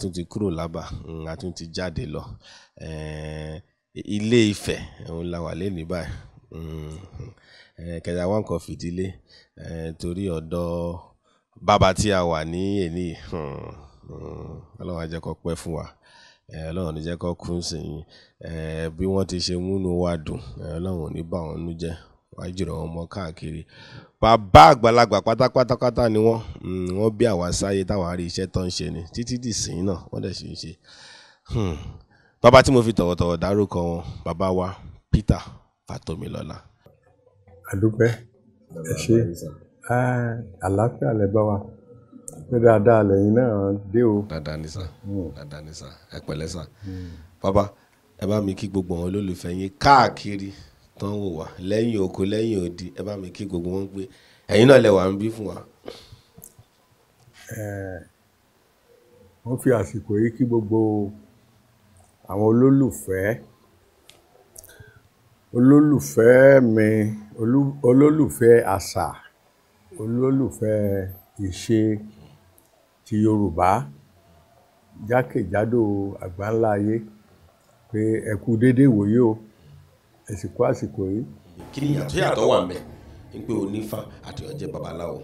tún ti kúrò lábà a tún ti jáde lọ ilé Ifẹ̀ òun la wà lẹ́nìí báyìí kẹjà wọn kan fìdílé torí ọ̀dọ̀ bàbá tí a wà ní èní ọlọ́run ajẹ́ kó pẹ́ fún wa ọlọ́run ní jẹ́ kó kún sí yín bí wọ́n ti ṣe múnú wa dùn ọlọ́run ò ní bà wọ́n nú jẹ́ wàá jìrọ̀ ọmọ káàkiri bàbá àgbàlagbà pátápátápátá ni wọ́n hmm, wọ́n bí àwa sáyé táwọn arí iṣẹ́ tó ń ṣe ni títí dìsín náà wọ́n dẹ̀ sì ń ṣe hmm, bàbá tí mo fi tọ̀wọ̀tọ̀wọ̀ dárúkọ wọn bàbá wa Peter Fatomilola. àdúpẹ́ ẹ ṣe àlàáfíà lẹ bá wa pé dáadáa lẹ́yìn náà dé o. dáadáa ni sà hmm. dáadáa ni sà ẹ pẹ̀lẹ́ sà bàbá ẹ bá mi kí gbogbo àwọn olólùfẹ́ yín káàkiri. tán wò wá lẹ́yìn oko lẹ́yìn odi ẹ bá mi kí gbogbo wọn pé ẹ̀yin náà lẹ wà ń bí fún wa. wọ́n fi àsìkò yìí kí gbogbo àwọn olólùfẹ́ olólùfẹ́ mi olólùfẹ́ àṣà olólùfẹ́ ìṣe ti Yorùbá jákèjádò àgbáńlá ayé pé ẹ kú déédéé wòye o ẹ̀sìnkú àsìkò yìí. kí ni yàtọ̀ wà mẹ́ pé onífá àti ọ̀jẹ̀ babaláwo.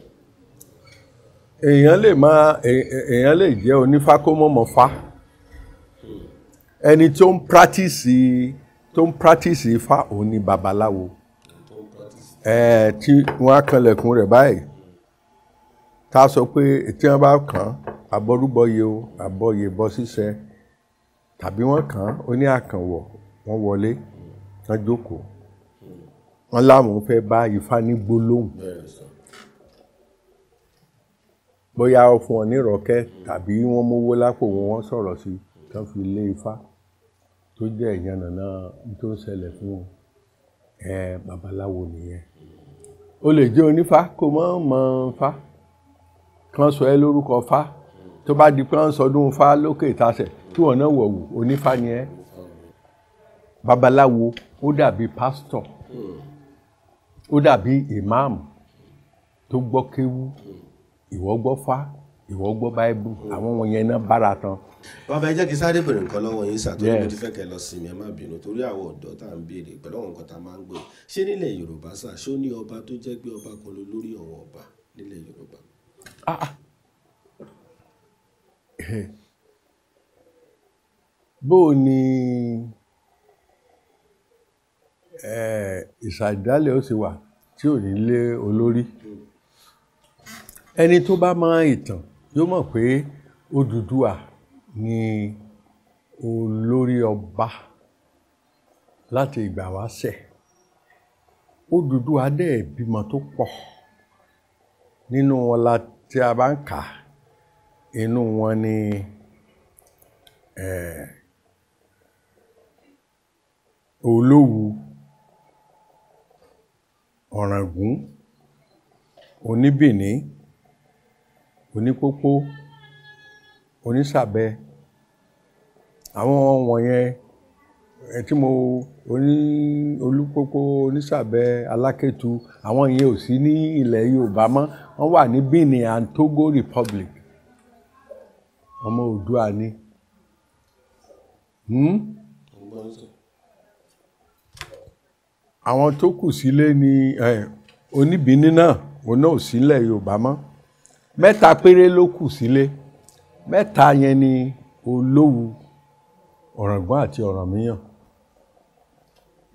èèyàn lè máa èèyàn lè jẹ́ onífá kó mọ̀mọ́ fá ẹni tó ń pírátìsì tó ń pírátìsì ifá òun ni babaláwo ẹ̀ẹ́ tí wọ́n á kanlẹ̀kùn rẹ̀ báyìí ká sọ pé tí wọ́n bá kàn án abọ́rúbọyè o àbọ̀yè bọ́ ṣíṣẹ tàbí wọ́n kàn án ó ní àkànwọ̀ wọ́n wọlé wọ́n jókòó wọ́n láwọn fẹ́ bá ifá ní gbólóhùn bóyá ó fún ọ ní ìrọ̀kẹ́ tàbí wọ́n mówó lápò wọn wọ́n sọ̀rọ̀ sí kán fi lé ifá tó jẹ́ ìyànnànà tó ń ṣẹlẹ̀ fún wọn ẹ babaláwo nìyẹn o lè jẹ́ onífá kó mọ́ mọ́ fá kán sọ ẹ lórúkọ fá tó bá di pé wọ́n sọdún fá lókè tasẹ̀ tí wọ́n náà wọ̀ wò onífá ni ẹ babaláwo ó dàbí pásítọ̀ ó dàbí ìmáàmù tó gbọ́ kéwú ìwọ gbọ́ fá ìwọ gbọ́ báíbù àwọn wọn yẹn náà bára tán. bàbá ẹ jẹ́ kí sáré bèrè nǹkan lọ́wọ́ yín sàtọ́jú mo ti fẹ́ kẹ́ lọ sinmi ẹ má bínú torí àwọn ọ̀dọ́ tá à ń béèrè pẹ̀lú àwọn nǹkan tá a máa ń gbọ́ ṣé nílẹ̀ yorùbá sà ṣó ní ọba tó jẹ́ pé ọba kan lórí ọ̀wọ́ ọba nílẹ̀ yorùbá. Ah, ah. bó o ní. Ni ìsàdálẹ̀ ó sì wà tí ò ní lé olórí ẹni tó bá mọ ìtàn yóò mọ̀ pé Odùduwà ni olórí ọba láti ìgbà wáṣẹ̀ Odùduwà dẹ̀ bímọ tó pọ̀ nínú wọn la tí a bá ń kà inú wọn ni olówu. Eh, ọ̀ràngún oníbìní onípópó onísàbẹ àwọn wọ̀nyẹn ẹ tí mo oní olúpópó onísàbẹ alákẹ́tu àwọn yẹn ò sí ní ilẹ̀ yorùbá mọ́ wọ́n wà ní Benin and Togo Republic ọmọ Oòduà ni. Hmm? àwọn tó kù sílé ni oníbìíní náà òun náà ò sílẹ̀ yorùbá mọ́ mẹ́ta péré ló kù sílé mẹ́ta yẹn ni olówu ọ̀ràngún àti ọ̀rànmíyàn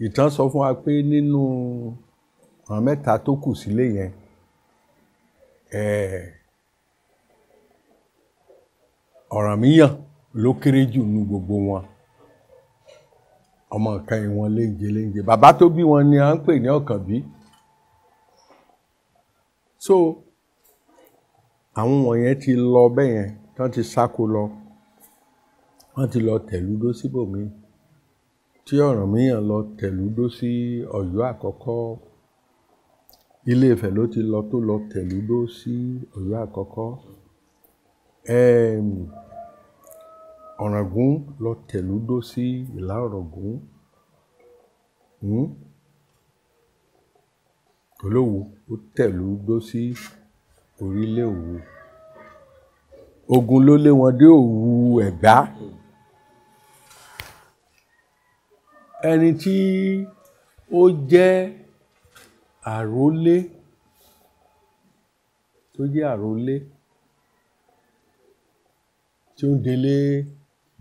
ìtàn sọ fún wa pé nínú àwọn mẹ́ta tó kù sílé yẹn ọ̀rànmíyàn ló kéré jù nínú gbogbo wọn ọmọ kẹyìn wọn léńjẹ léńjẹ bàbá tó bí wọn ni à ń pè ní ọ̀kànbí so àwọn wọ̀nyẹn ti lọ bẹ́yẹn tán ti sáko lọ wọ́n ti lọ tẹ̀lúdó síbòmíì tí Ọ̀rànmíyàn lọ tẹ̀lúdó sí Ọ̀yọ́ àkọ́kọ́ Ilé Ifẹ̀ ló ti lọ tó lọ tẹ̀lúdó sí Ọ̀yọ́ àkọ́kọ́ ọ̀ràngún lọ tẹ̀lúdó sí ìlà ọ̀ràngún hmm? olówó ó tẹ̀lúdó sí orílẹ̀ òwú ogun ló lé wọn dé òwú ẹ̀gbá ẹni tí ó jẹ́ àrólé tó jẹ́ àrólé tí ó ń delé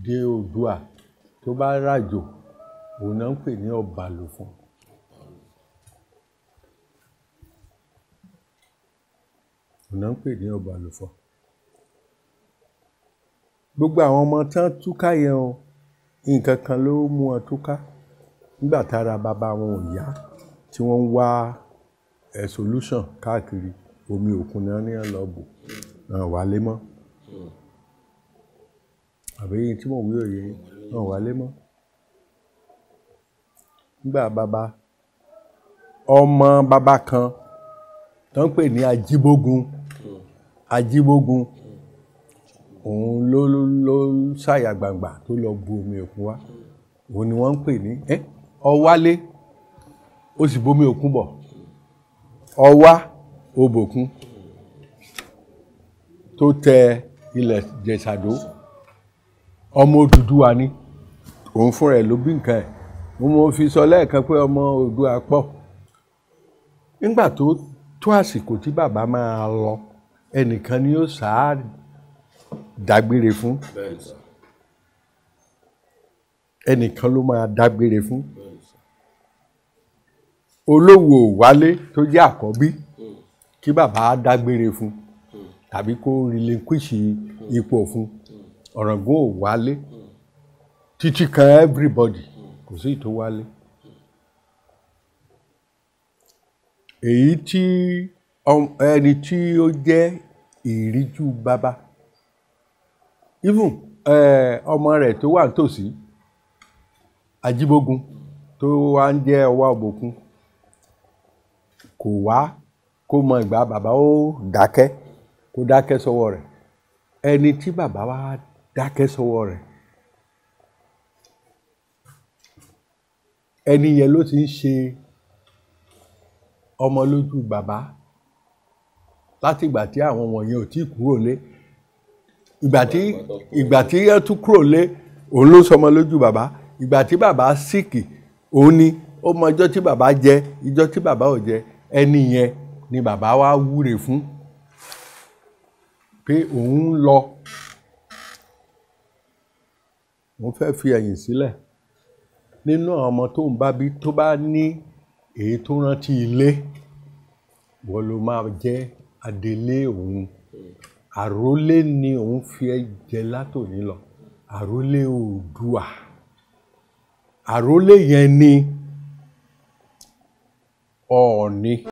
dé oòdùà tó bá ràjò òun náà ń pè ní ọ̀bàlùfọ̀n. òun náà ń pè ní ọ̀bàlùfọ̀n. gbogbo àwọn ọmọ tán túká yẹn o nǹkan kan ló mú wọn túká nígbà tára bàbá wọn ò yá tí wọ́n ń wá ẹ̀ eh, solution káàkiri omi òkun náà ní ẹ̀ lọ́ọ̀bù ẹ̀ wálé mọ́ àbí tí mò ń wí òye náà wálé mọ́ nígbà bàbá ọmọ bàbá kan tó ń pè ní ajíbógun ajíbógun òun ló ló ṣàyà gbangba tó lọ bu omi òkun wá òun ni wọ́n ń pè ní ọwálé ó sì bomi òkun bọ̀ ọwá obòkun tó tẹ ilẹ̀ jẹ̀ṣàdó ọmọ Odùduwà ni òun fúnra ẹ̀ ló bí nǹkan ẹ̀ mo mọ fi sọ lẹ́ẹ̀kan pé ọmọ Oòduà pọ̀ nígbà tó tó àsìkò tí bàbá máa lọ ẹnìkan ni ó sáà dágbére fún ẹnìkan ló máa dágbére fún olówó wálé tó jẹ́ àkọ́bí hmm. kí bàbá dágbére fún tàbí kó relinquish ipò fún. Mm Ọ̀ràngún ò wálé títí kan everybody kò sí ìtò wálé. èyí tí ẹni tí ó jẹ́ ìríjú bàbá even ọmọ rẹ̀ tó wà nítòsí ajíbógun tó wá ń jẹ́ ọwá òbòkun kò wá kó mọ ìgbà bàbá ó dákẹ́ kó dákẹ́ sọ́wọ́ rẹ̀ ẹni tí bàbá wa dákẹ́ sọ́wọ́ rẹ̀ ẹni yẹn ló ti ń ṣe ọmọ lójú bàbá látìgbà tí àwọn wọ̀nyẹn ò tí kúrò lé ìgbà tí ìgbà tí yẹn tún kúrò lé òun ló sọmọ lójú bàbá ìgbà tí bàbá síkì òun ni ó mọ ọjọ́ tí bàbá jẹ ìjọ́ tí bàbá ò jẹ ẹni yẹn ni bàbá wa wúre fún pé òun lọ òun fẹ́ fi ẹ̀yìn sílẹ̀ nínú àwọn ọmọ tó ń bá bí tó bá ní èyí tó rántí ilé wọ́n ló máa jẹ́ adelé òun àrólé ni òun fi ẹ jẹ látòní lọ àrólé oòdùà àrólé yẹn ni ọ̀ọ́ni.